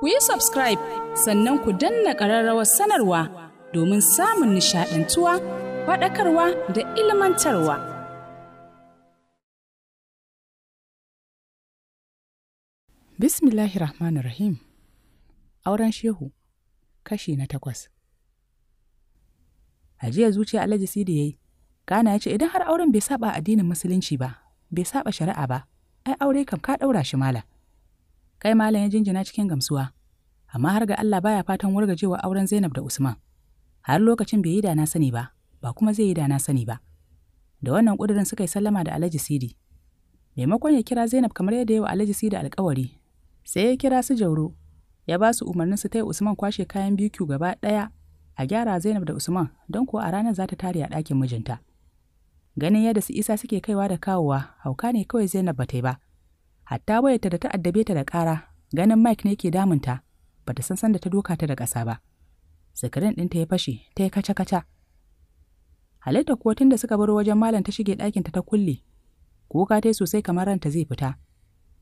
ku yi subscribe sannan ku danna ƙararrawar sanarwa domin samun nishaɗantuwa faɗakarwa da ilmantarwa. Bismillahirrahmanirrahim Auren Shehu kashi na takwas A jiya zuciya Alhaji Sidi ya yi, Kana ya ce idan har auren bai saba addinin Musulunci ba, bai saba shari'a ba, ai aure kam ka ɗaura shi mala. Kai malam ya jinjina cikin gamsuwa. Amma har ga Allah baya fatan wargajewa auren Zainab da Usman. Har lokacin bai yi da na sani ba, ba kuma zai yi da na sani ba. Da wannan ƙudurin suka yi sallama da Alhaji Sidi. Maimakon ya kira Zainab kamar yadda yawa Alhaji Sidi alƙawari, sai ya kira su Jauro, ya ba su umarnin su taya Usman kwashe kayan BQ gaba ɗaya a gyara Zainab da Usman don ko a ranar za ta tare a ɗakin mijinta. Ganin yadda su isa suke kaiwa da kawowa, hauka ne kawai Zainab ba ta yi ba, hatta wayarta da ta addabe ta da ƙara ganin mike ne ke damunta ba ta san san da ta doka ta da ƙasa ba sikirin ɗinta ya fashe ta yi kaca-kaca halitta kuwa tun da suka bar wajen malam ta shige ɗakinta ta kulle kuka ta yi sosai kamar ranta zai fita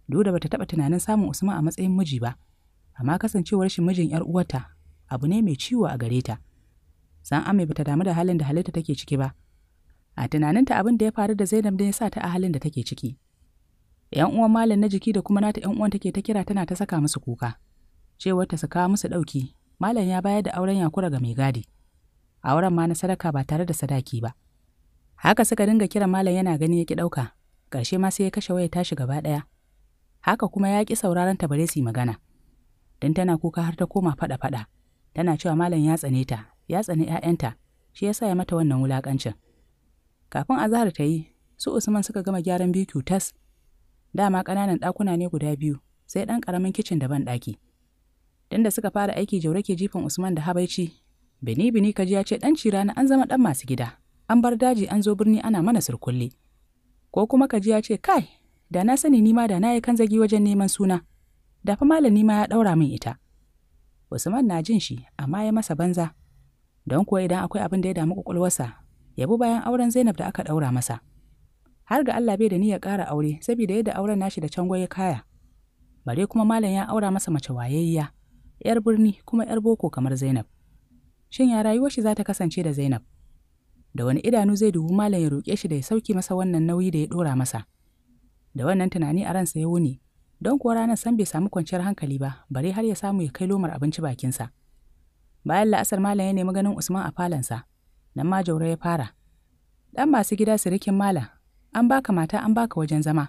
Dole da bata taɓa tunanin samun usman a matsayin miji ba amma kasancewar shi mijin yar uwarta abu ne mai ciwo a gare ta san ame bata damu da halin da halitta take ciki ba a tunaninta abin da ya faru da zainab ne ya sa ta a halin da take ciki yan uwan malam na jiki da kuma nata yan uwan take ta kira tana ta saka musu kuka cewar ta saka musu ɗauki malam ya bayar da auren yakura ga mai gadi auren ma na sadaka ba tare da sadaki ba haka suka dinga kiran malam yana gani ya ki ɗauka ƙarshe ma sai ya kashe waya tashi gaba ɗaya haka kuma ya ƙi sauraron ta bare su magana don tana kuka har ta koma faɗa-faɗa tana cewa malam ya tsane ta ya tsane 'ya'yanta shi yasa ya mata wannan wulaƙancin kafin azahar ta yi su usman suka gama gyaran biyu tas dama ƙananan ɗakuna ne guda biyu sai ɗan ƙaramin kicin da ban ɗaki dan da suka fara aiki jaure ke jifan usman da habaici bini bini kaji ya ce ɗan cira na an zama ɗan masu gida an bar daji an zo birni ana mana surkulle ko kuma kaji ya ce kai da na sani nima da na yi kanzagi wajen neman suna da fa malam nima ya ɗaura min ita usman na jin shi amma ya masa banza don kuwa idan akwai abin da ya damu kwakwalwarsa yabi bayan auren zainab da aka ɗaura masa har ga Allah bai da niyyar ƙara aure saboda yadda auren nashi da cango ya kaya bare kuma malam ya aura masa mace wayayya yar birni kuma yar boko kamar Zainab shin ya rayuwar shi za ta kasance da Zainab da wani idanu zai dubu malam ya roƙe shi da ya sauki masa wannan nauyi da ya dora masa da wannan tunani a ransa ya wuni don kuwa ranar san bai samu kwanciyar hankali ba bare har ya samu ya kai lomar abinci bakinsa bayan la'asar malam ya nemi ganin usman a falansa nan ma jauro ya fara dan masu gida sirikin malam an baka mata an baka wajen zama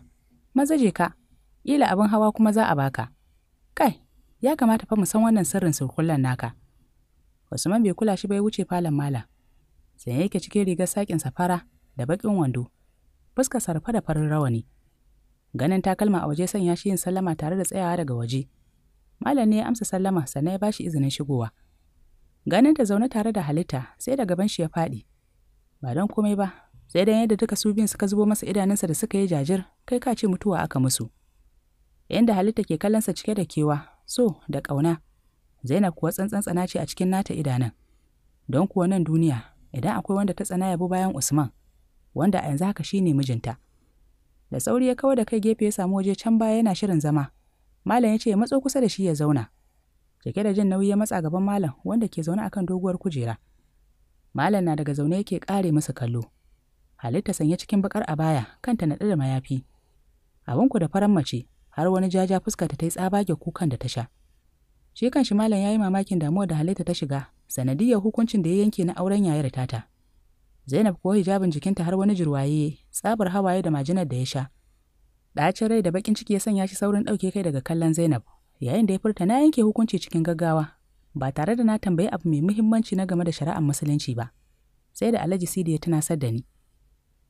maza je ka ƙila abin hawa kuma za a baka kai ya kamata fa mu san wannan sirrin surkullan naka Usman bai kula shi bai wuce falon mala sanye yake cikin rigar sakin safara da bakin wando fuskar sarfa da farin rawani ganin takalma a waje sanya shi yin sallama tare da tsayawa daga waje malam ne ya amsa sallama sannan ya bashi izinin shigowa ganin ta zaune tare da halitta sai da gaban shi ya faɗi ba don komai ba sai dan yadda duka su biyun suka zubo masa idanunsa da suka yi jajir kai ka ce mutuwa aka musu yanda halitta ke kallonsa cike da kewa so da ƙauna zainab kuwa tsantsan tsana ce a cikin nata idanun don kuwa nan duniya idan akwai wanda ta tsana yabo bayan usman wanda a yanzu haka shine mijinta da sauri ya kawar da kai gefe ya samu waje can baya yana shirin zama malam ya ce ya matso kusa da shi ya zauna cike da jin nauyi ya matsa gaban malam wanda ke zaune akan doguwar kujera malam na daga zaune yake kare masa kallo halitta sanye cikin bakar baya, kanta naɗe da mayafi abin ku da faran mace har wani jaja fuska ta yi tsabage kukan da ta sha shi kan shi malam yayi mamakin damuwa da halitta ta shiga sanadiyar hukuncin da ya yanke na auren yayar tata zainab ko hijabin jikinta har wani jirwaye tsabar hawaye da majinar da ya sha ɗacin rai da bakin ciki ya sanya shi saurin ɗauke kai daga kallon zainab yayin da ya furta na yanke hukunci cikin gaggawa ba tare da na tambayi abu mai muhimmanci na game da shari'ar musulunci ba sai da alhaji sidi ya tunasar da ni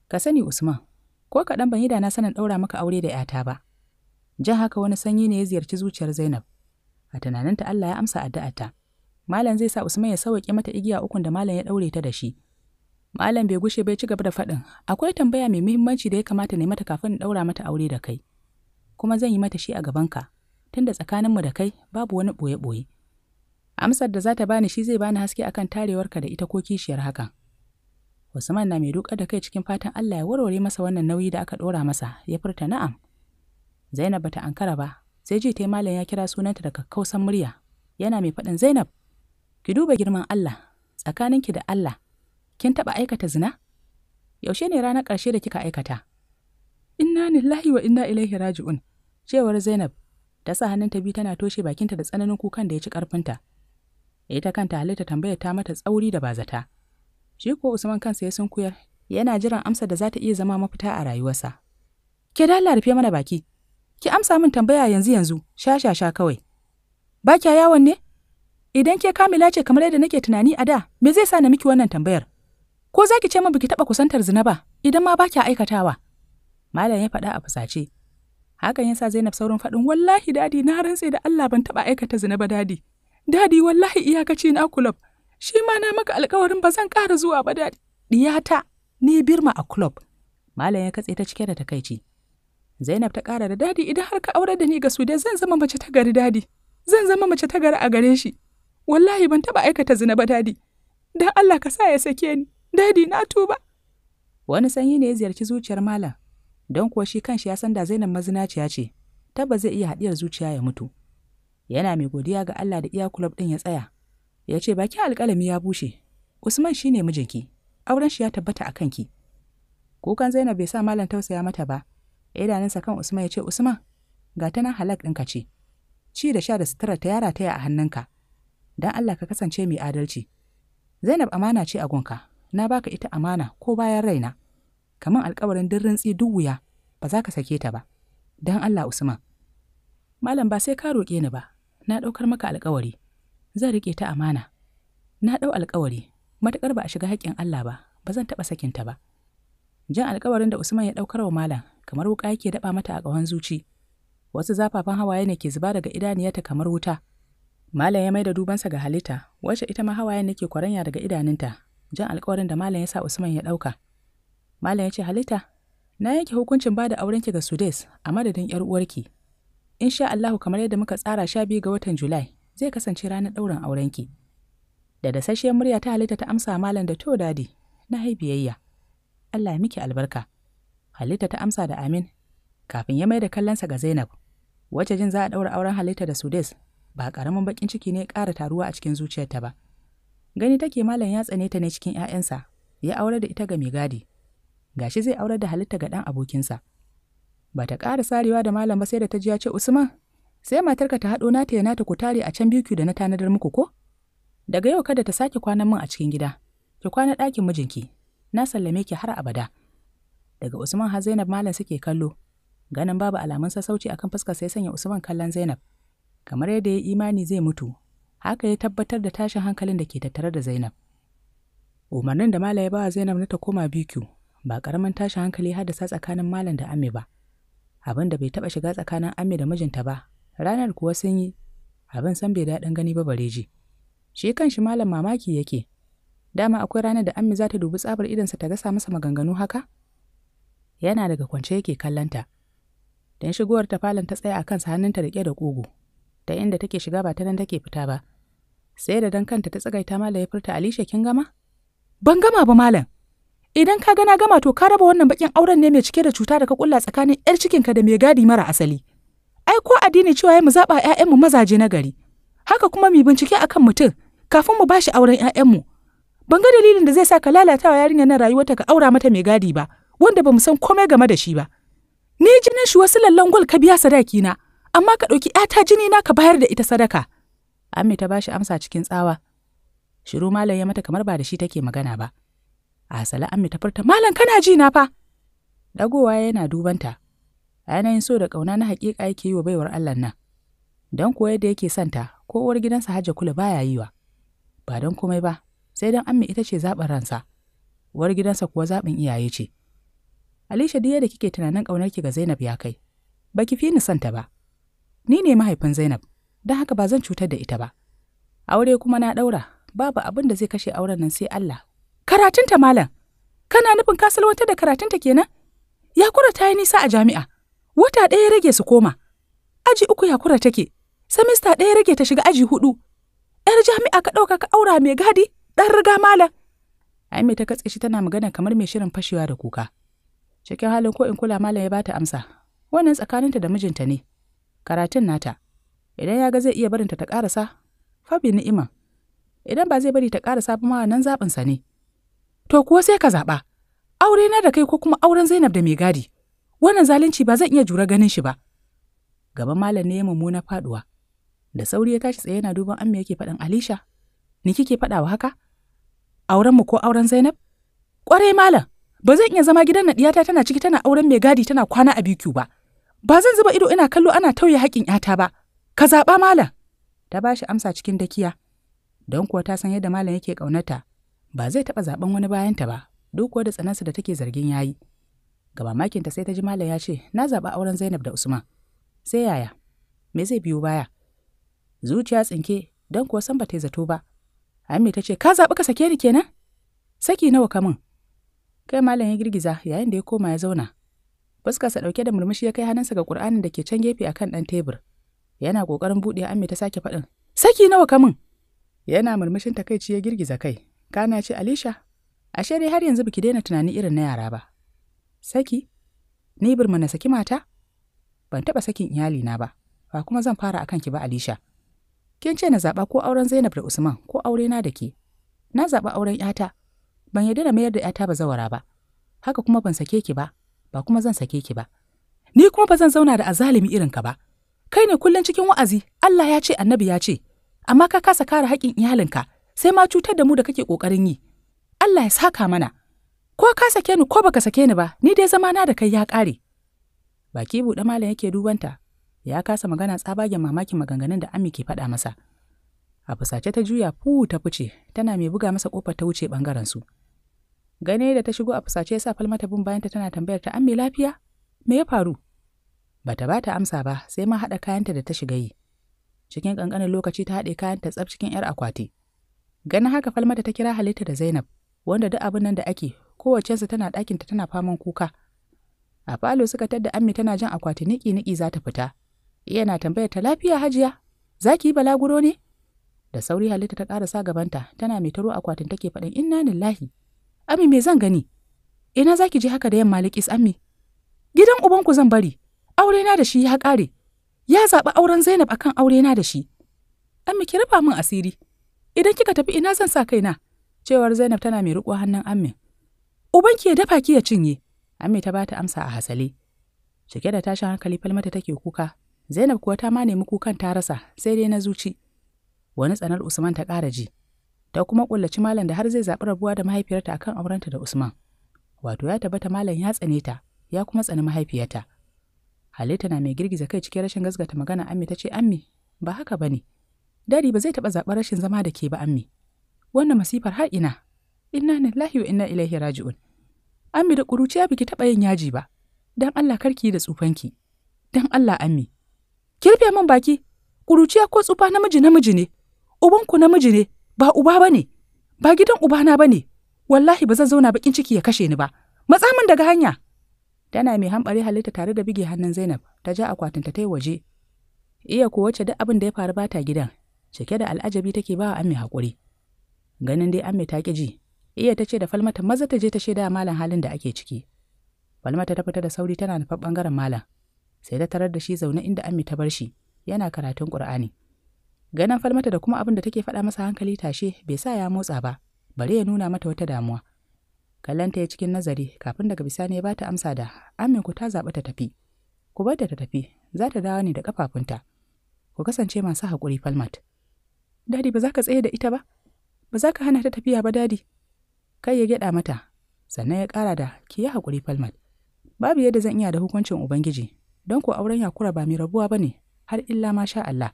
Ka sani Usman, ko kaɗan ban yi da na sanin ɗaura maka aure da ‘yata ba. Jan haka wani sanyi ne ya ziyarci zuciyar Zainab. A tunaninta Allah ya amsa addu'arta. Malam zai sa Usman ya sauke mata igiya ukun da malam ya ɗaure ta da shi. Malam bai gushe bai ci gaba da faɗin, akwai tambaya mai muhimmanci da ya kamata ne mata kafin in ɗaura mata aure da kai. Kuma zan yi mata shi a gaban ka. tunda tsakaninmu da kai babu wani ɓoye-ɓoye. Amsar da za ta bani shi zai bani haske akan tarewarka da ita ko kishiyar hakan. Usman na mai dukar da kai cikin fatan Allah ya warware masa wannan nauyi da aka ɗora masa, ya furta na'am. Zainab bata ankara ba, sai ji ta malam ya kira sunanta da kakkausan murya. Yana mai faɗin Zainab, ki duba girman Allah, tsakaninki da Allah, kin taɓa aikata zina? Yaushe ne ranar ƙarshe da kika aikata? Inna lillahi wa inna ilaihi raji'un, cewar Zainab ta sa hannunta biyu tana toshe bakinta da tsananin kukan da ya ci ƙarfinta. Ita kanta halitta tambayar ta mata tsauri da bazata. Shi ko Usman kansa ya sunkuyar, yana jiran amsa da za ta iya zama mafita a rayuwarsa. Ke da rufe mana baki. Ki amsa min tambaya yanzu yanzu, sha sha sha kawai. Ba kya yawon ne? Idan ke kamila ce kamar yadda nake tunani a da, me zai sa na miki wannan tambayar? Ko za ki ce min biki taɓa kusantar zina ba, idan ma ba kya aikatawa? Malam ya faɗa a fusace. Hakan ya sa Zainab saurin faɗin wallahi dadi na rantse da Allah ban taɓa aikata zina ba dadi. Dadi wallahi iyakaci na kulab. shi ma na maka alkawarin ba zan ƙara zuwa ba da diyata ni birma a club malam ya katse ta cike da takaici zainab ta ƙara da dadi idan har ka aure da ni ga su zan zama mace ta gari dadi zan zama mace ta gari a gare shi wallahi ban taba aikata zina ba dadi dan Allah ka sa ya sake ni dadi na tuba wani sanyi ne ya ziyarci zuciyar malam don kuwa shi kanshi ya san da zainab mazinaciya ce tabba zai iya haɗiyar zuciya ya mutu yana mai godiya ga Allah da iya club ɗin ya tsaya ya ce baki alƙalami ya bushe usman shine mijinki auren shi ya tabbata a kanki kukan zainab bai sa malam tausaya mata ba idanunsa kan usman ya ce usman ga ta nan halak ɗinka ce ci da sha da sutura ta yara taya a hannunka don allah ka kasance mai adalci zainab amana ce a gunka na baka ita amana ko bayan raina kamar alkawarin duk rintsi duk wuya ba za ka sake ta ba don allah usman malam ba sai ka roƙe ni ba na ɗaukar maka alkawari zan rike ta amana na ɗau alkawari matuƙar ba a shiga haƙƙin Allah ba ba zan taɓa sakinta ba jan alkawarin da Usman ya ɗaukar wa malam kamar wuƙa yake daɓa mata a ƙawan zuci wasu zafafan hawaye ne ke zuba daga idaniyarta kamar wuta malam ya mai da dubansa ga halitta wacce ita ma hawaye ne ke kwaranya daga idaninta? jan alkawarin da malam ya sa Usman ya ɗauka malam ya ce halitta na yanke hukuncin ba da aurenki ga Sudes a madadin 'yar uwarki. In sha kamar yadda muka tsara sha biyu ga watan Julai, zai kasance ranar ɗaurin aurenki. Da dasasshiyar murya ta halitta ta amsa malam da to dadi, na biyayya Allah ya miki albarka. Halitta ta amsa da amin, kafin ya mai da kallonsa ga Zainab, wacce jin za a ɗaura auren halitta da Sudes, ba ƙaramin baƙin ciki ne ƙara taruwa a cikin zuciyarta ba. Gani take malam ya tsane ta ne cikin ‘ya'yansa, ya aure da ita ga mai gadi. Gashi zai aure da halitta ga ɗan abokinsa. Ba ta ƙara sarewa da malam ba sai da ta ji ya ce Usman, sai matarka ta haɗo nata ya nata ku tare a can biyu da na tanadar muku ko daga yau kada ta sake kwanan min a cikin gida ki kwana ɗakin mijinki na sallame ki har abada daga usman har zainab malam suke kallo ganin babu alamun sassauci akan fuskar sai sanya usman kallon zainab kamar yadda ya imani zai mutu haka ya tabbatar da tashin hankalin da ke tattare da zainab umarnin da malam ya ba zainab na ta koma bq ba ƙaramin tashin hankali har da sa tsakanin malam da ami ba abin da bai taɓa shiga tsakanin ami da mijinta ba ranar kuwa sun yi abin san bai daɗin gani ba bare ji shi kanshi malam mamaki yake dama akwai ranar da ammi za ta dubi tsabar idansa ta gasa masa maganganu haka yana daga kwance yake kallanta don shigowar ta falon ta tsaya a kansa hannunta riƙe da ƙugu ta inda take shiga ba ta nan take fita ba sai da dan kanta ta tsagaita malam ya furta alisha kin gama ban gama ba malam idan ka gana gama to ka raba wannan bakin auren ne mai cike da cuta da ka kulla tsakanin yar cikinka da mai gadi mara asali ai ko addini cewa ya mu zaɓa ‘ya'yanmu mazaje na gari haka kuma mu bincike akan mutum kafin mu bashi auren ‘ya'yanmu ban ga dalilin da zai sa ka lalatawa yarinya na rayuwarta ka aura mata mai gadi ba wanda ba mu san komai game da shi ba ni jinin shi wasu lallan gwal ka biya sadaki na amma ka ɗauki ‘yata jini na ka bayar da ita sadaka amma ta bashi amsa cikin tsawa shiru malam ya mata kamar ba da shi take magana ba a asali amma ta furta malam kana ji na fa dagowa yana dubanta a yanayin so da ƙauna na haƙiƙa yake yi wa baiwar Allah nan don kuwa yadda yake santa ko uwar gidansa Hajja Kula baya yi wa ba don komai ba sai don amma ita ce zaɓin ransa uwar gidansa kuwa zaɓin iyaye ce Alisha duk da kike tunanin ƙaunar ki ga Zainab ya kai ba ki fi ni santa ba ni ne mahaifin Zainab don haka ba zan cutar da ita ba aure kuma na ɗaura babu abin da zai kashe auren nan sai Allah karatunta malam kana nufin kasalwantar da karatunta kenan ya kura ta yi nisa a jami'a wata ɗaya rage su koma aji uku ya yakura take samista ɗaya rage ta shiga aji hudu yar jami'a ka ɗauka ka aura mai gadi ɗan riga malam ai ta katse shi tana magana kamar mai shirin fashewa da kuka cikin halin ko in kula malam ya bata amsa wannan tsakaninta da mijinta ne karatun nata idan ya ga zai iya barinta ta ƙarasa fabi ni'ima idan ba zai bari ta ƙarasa ba ma nan zaɓinsa ne to kuwa sai ka zaɓa aure na da kai ko kuma auren zainab da mai gadi wannan zalunci ba zan iya jura ganin shi ba gaban malam ne ya mummuna faduwa da sauri ya tashi tsaye yana duban amma yake faɗin alisha ni kike faɗawa haka auren mu ko auren zainab ƙwarai malam ba zan iya zama gidan na diyata tana ciki tana auren mai gadi tana kwana a bq ba ba zan zuba ido ina kallo ana tauye haƙƙin yata ba ka zaɓa malam ta ba shi amsa cikin dakiya don kuwa ta san yadda malam yake ƙaunata ba zai taɓa zaɓen wani bayanta ba duk kuwa da tsanansa da take zargin yayi Ga mamakinta sai ta ji Malam ya ce, Na zaɓi auren Zainab da Usman. Sai yaya? Me zai biyo baya? Zuciya tsinke, don kuwa san ba ta zato ba. Ami ta ce, Ka zaɓi ka sake ni kenan? Saki nawa ka min? Kai Malam ya girgiza yayin da ya koma ya zauna. Fuskarsa ɗauke da murmushi ya kai hannunsa ga Ƙur'anin da ke can gefe a kan ɗan tebur. Yana ƙoƙarin buɗe Ami ta sake faɗin, Saki nawa ka min? Yana murmushin takaici ya girgiza kai. Kana ce, Alisha, ashe dai har yanzu biki daina tunani irin na yara ba Saki? Ni birma na saki mata? Ban taɓa sakin iyalina ba, ba kuma zan fara akan ki ba Alisha. Kin ce na zaɓa ko auren Zainab da Usman ko aure na da ke. Na zaɓa auren ‘yata, ban yarda na mayar da ‘yata ba zawara ba, haka kuma ban sake ki ba, ba kuma zan sake ki ba. Ni kuma ba zan zauna da azalimi irin ka ba. Kai ne kullum cikin wa'azi, Allah ya ce, annabi ya ce, amma ka kasa kare haƙƙin iyalinka, sai ma cutar da mu da kake ƙoƙarin yi. Allah ya saka mana. ko ka sake ni ko baka sake ni ba ni dai zama na da kai ya ƙare baki buɗe malam yake dubanta ya kasa magana tsabagen mamakin maganganun da ami ke faɗa masa a fusace ta juya fu ta fice tana mai buga masa kofar ta wuce bangaren su gane da ta shigo a fusace ya sa falmata bin bayan ta tana tambayar ta ami lafiya me ya faru bata bata amsa ba sai ma haɗa kayanta da ta shiga yi cikin ƙanƙanin lokaci ta haɗe kayanta tsaf cikin 'yar akwati ganin haka falmata ta kira halitta da zainab wanda duk abin nan da ake kowace kowacensu tana ɗakinta tana faman kuka a falo suka tadda ammi tana jin akwati niki-niki za ta fita yana tambayar ta lafiya hajiya za ki yi balaguro ne da sauri halitta ta sa gabanta tana mai taro akwatin take faɗin inna lillahi Ammi me zan gani ina za ki je haka da yamma likis ammi gidan ubanku zan bari aure na da shi ya ƙare ya zaɓi auren zainab akan aure na da shi ammi ki rufa min asiri idan kika tafi ina zan sa kaina cewar zainab tana mai riƙo hannun amin Ubanki ya dafa ki ya cinye. Amme ta bata amsa a hasale. Cike da tashin hankali falmata take kuka. Zainab kuwa ta ma nemi kukan ta rasa sai dai na zuci. Wani tsanar Usman ta ƙara ji. Ta kuma kullaci malam da har zai zaɓi rabuwa da mahaifiyarta akan aurenta da Usman. Wato ya tabbata malam ya tsane ta, ya kuma tsani mahaifiyarta. Halitta na mai girgiza kai cikin rashin gasgata magana ammi ta ce ammi ba haka ba ne. Dadi ba zai taɓa zaɓar rashin zama da ke ba ammi Wannan masifar har ina inna lillahi wa inna ilaihi raji'un Ami da kuruciya biki taɓa yin yaji ba dan Allah karki da tsufanki dan Allah Ami kirfe min baki ƙuruciya ko tsufa namiji namiji ne ubanku namiji ne ba uba bane ba gidan ubana ba ne. wallahi ba zan zauna bakin ciki ya kashe ni ba matsa min daga hanya tana mai hambare halitta tare da bige hannun Zainab ta ja akwatinta ta yi waje iya ko wacce duk abin da ya faru bata gidan cike da al'ajabi take ba wa Ammi hakuri ganin dai Ammi ta ƙi ji Iya ta ce da Falmata maza ta je ta shaida malam halin da ake ciki. Falmata ta fita da sauri tana nufa bangaren malam. Sai ta tarar da shi zaune inda Ami ta bar shi, yana karatun Qur'ani. Ganin Falmata da kuma abin da take faɗa masa hankali tashe bai sa ya motsa ba, bari ya nuna mata wata damuwa. Kallanta ya cikin nazari kafin daga bisani ya bata amsa da Amin ku ta zaɓi ta tafi. Ku bar ta ta tafi, za ta dawo ne da kafafunta. Ku kasance masu haƙuri Falmat. Dadi ba za ka tsaye da ita ba? Ba za ka hana ta tafiya ba dadi? kai ya gyaɗa mata sannan ya kara da ki yi hakuri falmat babu yadda zan iya da hukuncin ubangiji don ko auren yakura ba mai rabuwa ba ne har illa ma sha Allah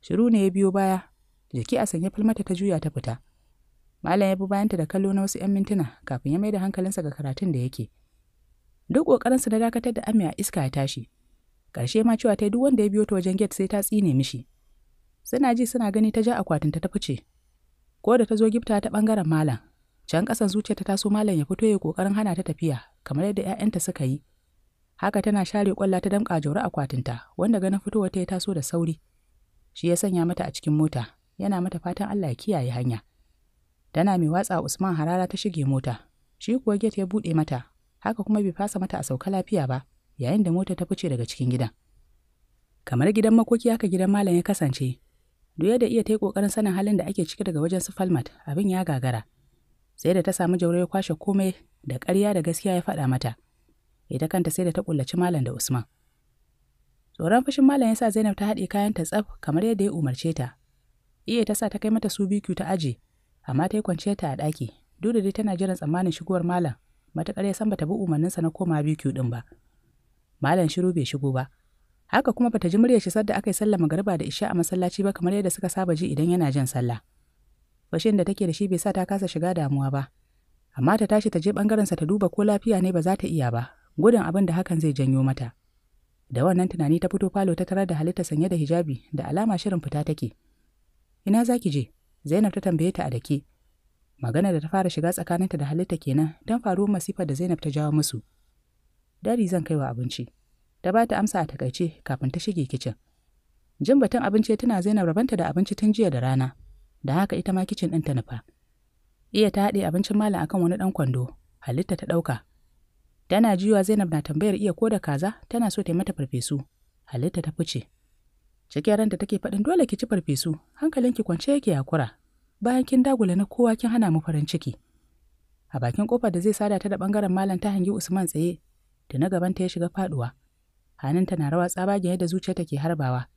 shiru ne ya biyo baya jiki a sanya falmata ta juya ta fita malam ya bi bayanta da kallo na wasu 'yan mintuna kafin ya mai da hankalinsa ga karatun da yake duk ƙoƙarinsa na dakatar da Ami a iska ya tashi ƙarshe ma cewa ta yi duk wanda ya biyo ta wajen gate sai ta tsine mishi suna ji suna gani ta ja akwatinta ta fice ko da ta zo gifta ta ɓangaren malam Can ƙasan zuciya ta taso malam ya fito ya ƙoƙarin hana ta tafiya, kamar yadda ‘ya'yanta suka yi. Haka tana share ƙwalla ta damƙa jauri akwatinta, wanda ganin fitowar ta ya taso da sauri. Shi ya sanya mata a cikin mota, yana mata fatan Allah ya kiyaye hanya. Tana mai watsa Usman harara ta shige mota, shi kuwa get ya buɗe mata, haka kuma bai fasa mata a sauka lafiya ba, yayin da mota ta fice daga cikin gidan. Kamar gidan makoki haka gidan malam ya kasance, duk da iya ta yi ƙoƙarin sanin halin da ake ciki daga wajen su Falmat, abin ya gagara. sai da ta samu jauro ya kwashe komai da ƙarya da gaskiya ya faɗa mata ita kanta sai da ta kullaci malam da usman tsoron fushin malam yasa zainab ta haɗe kayan ta tsaf kamar yadda ya umarce ta iya ta sa ta kai mata su biyu ta aje amma ta yi kwanciyar ta a ɗaki duk da dai tana jiran tsammanin shigowar malam matuƙar ya san bata bi umarninsa na koma biyu ɗin ba malam shiru bai shigo ba haka kuma bata ji muryar shi sadda aka yi sallah magariba da isha a masallaci ba kamar yadda suka saba ji idan yana jin sallah bashin da take da shi bai sa ta kasa shiga damuwa ba amma ta tashi ta je ɓangarensa ta duba ko lafiya ne ba za ta iya ba gudun abin da hakan zai janyo mata da wannan tunani ta fito falo ta tarar da halitta sanye da hijabi da alama shirin fita take ina za ki je zainab ta tambaye ta a dake magana da ta fara shiga tsakaninta da halitta kenan don faruwar masifa da zainab ta jawo musu dari zan kaiwa abinci ta ba ta amsa a takaice kafin ta shige kicin jin batun abinci tana zainab rabanta da abinci tun jiya da rana da haka ita ma kicin ɗin ta nufa. Iya ta haɗe abincin malam akan wani ɗan kwando, halitta ta ɗauka. Tana jiwa Zainab na tambayar iya ko da kaza tana so ta mata farfesu, halitta ta fice. Cikin ranta take faɗin dole ki ci farfesu, hankalinki kwance yake yakura. Bayan kin dagula na kowa kin hana mu farin ciki. A bakin kofar da zai sada ta da bangaren malam ta hangi Usman tsaye, da na gabanta ya shiga faduwa. Hannunta na rawa tsabagen yadda zuciyarta ke harbawa.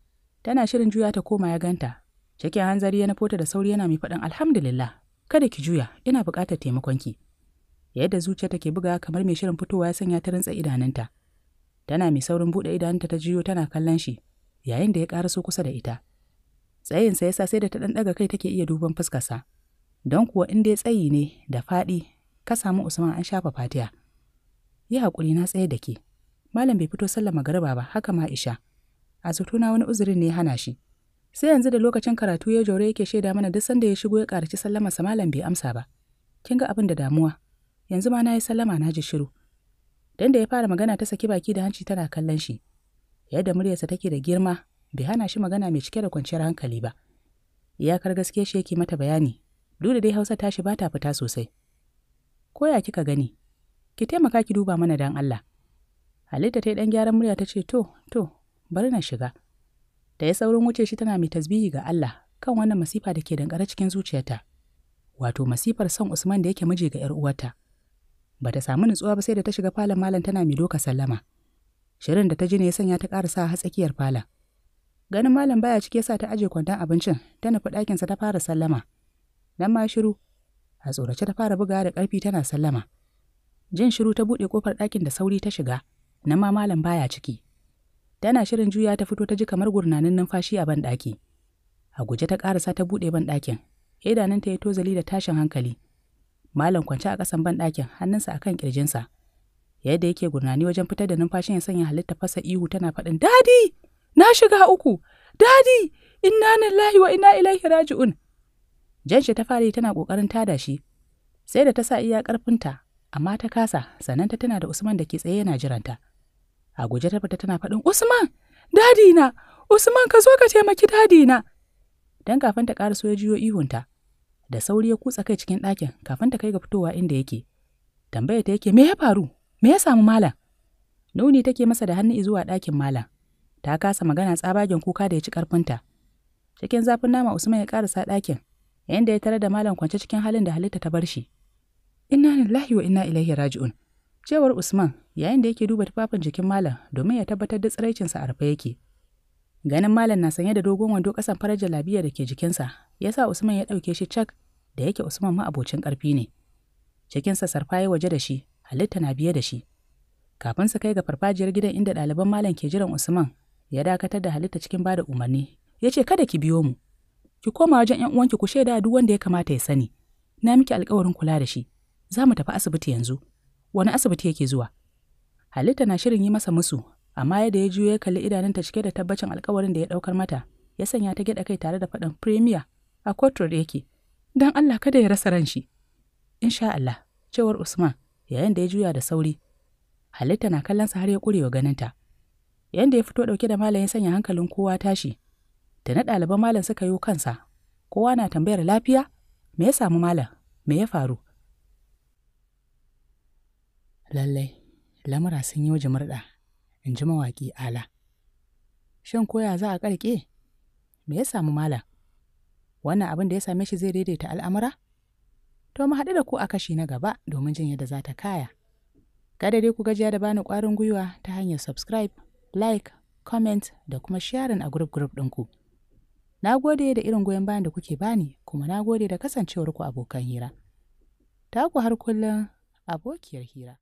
Tana shirin juya ta koma ya ganta, Cikin hanzari ya nufota da sauri yana mai faɗin alhamdulillah, kada ki juya, ina buƙatar taimakonki. Yadda zuciya take buga kamar mai shirin fitowa ya sanya ta rantsa idanunta. Tana mai saurin buɗe idanunta ta jiyo tana kallon shi, yayin da ya ƙaraso kusa da ita. Tsayinsa ya sa sai da ta ɗan ɗaga kai take iya duban fuskarsa. Don kuwa in dai tsayi ne da faɗi, ka samu Usman an shafa fatiya. Yi hakuri na tsaye da ke. Malam bai fito sallar magariba ba, haka ma aisha. A na wani uzurin ne ya hana shi. Sai yanzu da lokacin karatu ya jaure yake shaida mana duk sanda ya shigo ya sallama sallamarsa malam bai amsa ba. Kin ga abin da damuwa. Yanzu ma na yi sallama na ji shiru. Dan da ya fara magana ta saki baki da hanci tana kallon shi. Yadda muryarsa take da girma bai hana shi magana mai cike da kwanciyar hankali ba. Iyakar gaskiya shi yake mata bayani. Duk da dai Hausa tashi ba ta fita sosai. Ko ya kika gani? Ki taimaka ki duba mana dan Allah. Halitta ta yi ɗan gyaran murya ta ce to to bari na shiga. da ya saurin wuce shi tana mai tasbihi ga Allah kan wannan masifa da ke dankare cikin zuciyarta. Wato masifar son Usman da yake miji ga ‘yar uwarta. Ba ta samu nutsuwa ba sai da ta shiga falon malam tana mai doka sallama. Shirin da ta ji ne ya sanya ta ƙarasa har tsakiyar falon. Ganin malam baya ciki ya sa ta aje kwandon abincin ta nufi ɗakinsa ta fara sallama. Nan ma shiru, a tsorace ta fara bugawa da ƙarfi tana sallama. Jin shiru ta buɗe ƙofar ɗakin da sauri ta shiga, nan ma malam baya ciki. Tana shirin juya ta fito ta ji kamar gurnanin numfashi a banɗaki. A guje ta ƙarasa ta buɗe banɗakin. Idanunta ya tozali da tashin hankali. Malam kwance a ƙasan banɗakin hannunsa a kan ƙirjinsa. Yadda yake gurnani wajen fitar da numfashin ya sanya halitta fasa ihu tana faɗin dadi na shiga uku dadi inna lillahi wa inna ilaihi raji'un. Janshi ta fara tana ƙoƙarin tada shi sai da ta sa iya ƙarfinta amma ta kasa sannan ta tana da Usman da ke tsaye yana jiranta. a guje ta tana faɗin usman dadi na usman ka zo ka taimaki dadi na dan kafin ta ƙara ya jiyo ihunta da sauri ya kutsa kai cikin ɗakin kafin ta kai ga fitowa inda yake tambaya ta yake me ya faru me ya samu malam nuni take masa da hannu zuwa ɗakin malam ta kasa magana tsabagen kuka da ya ci ƙarfinta cikin zafin nama usman ya ƙarasa ɗakin yanda ya tare da malam kwance cikin halin da halitta ta bar shi inna lillahi wa inna ilaihi raji'un Cewar Usman yayin da yake duba tufafin jikin malam domin ya tabbatar da tsiraicinsa a rufe yake. Ganin malam na sanye da dogon wando ƙasan farar jalabiya da ke jikinsa, ya sa Usman ya ɗauke shi cak da yake Usman ma abocin ƙarfi ne. Cikinsa sarfa ya waje da shi, halitta na biye da shi. Kafin su kai ga farfajiyar gidan inda ɗaliban malam ke jiran Usman, ya dakatar da halitta cikin bada umarni. Ya ce kada ki biyo mu. Ki koma wajen ‘yan uwanki ku shaida duk wanda ya kamata ya sani. Na miki alkawarin kula da shi. Za mu tafi asibiti yanzu. wani asibiti yake zuwa halitta na shirin yi masa musu amma yadda ya juyo ya kalli idanunta cike da tabbacin alkawarin da ya daukar mata ya sanya ta gyaɗa kai tare da faɗin premier a kotro da yake don allah kada ya rasa ran shi insha allah cewar usman yayin da ya juya da sauri halitta na kallonsa har ya ƙurewa ganinta Yadda ya fito ɗauke da malam ya sanya hankalin kowa tashi da na ɗaliban malam suka yi kansa kowa na tambayar lafiya me ya samu malam me ya faru Lallai, lamura sun yi murɗa, in ji mawaƙi ala. Shin koya za a ƙarƙe? Me ya samu malam? Wannan abin da ya same shi zai daidaita al'amura? To mu haɗu da ku a kashi na gaba domin jin yadda za ta kaya. Kada dai ku gajiya da bani ƙwarin gwiwa ta hanyar subscribe, like, comment da kuma sharing a group group ɗinku. Na gode da irin goyon bayan da kuke bani kuma na gode da kasancewarku abokan hira. Ta ku har kullum abokiyar hira.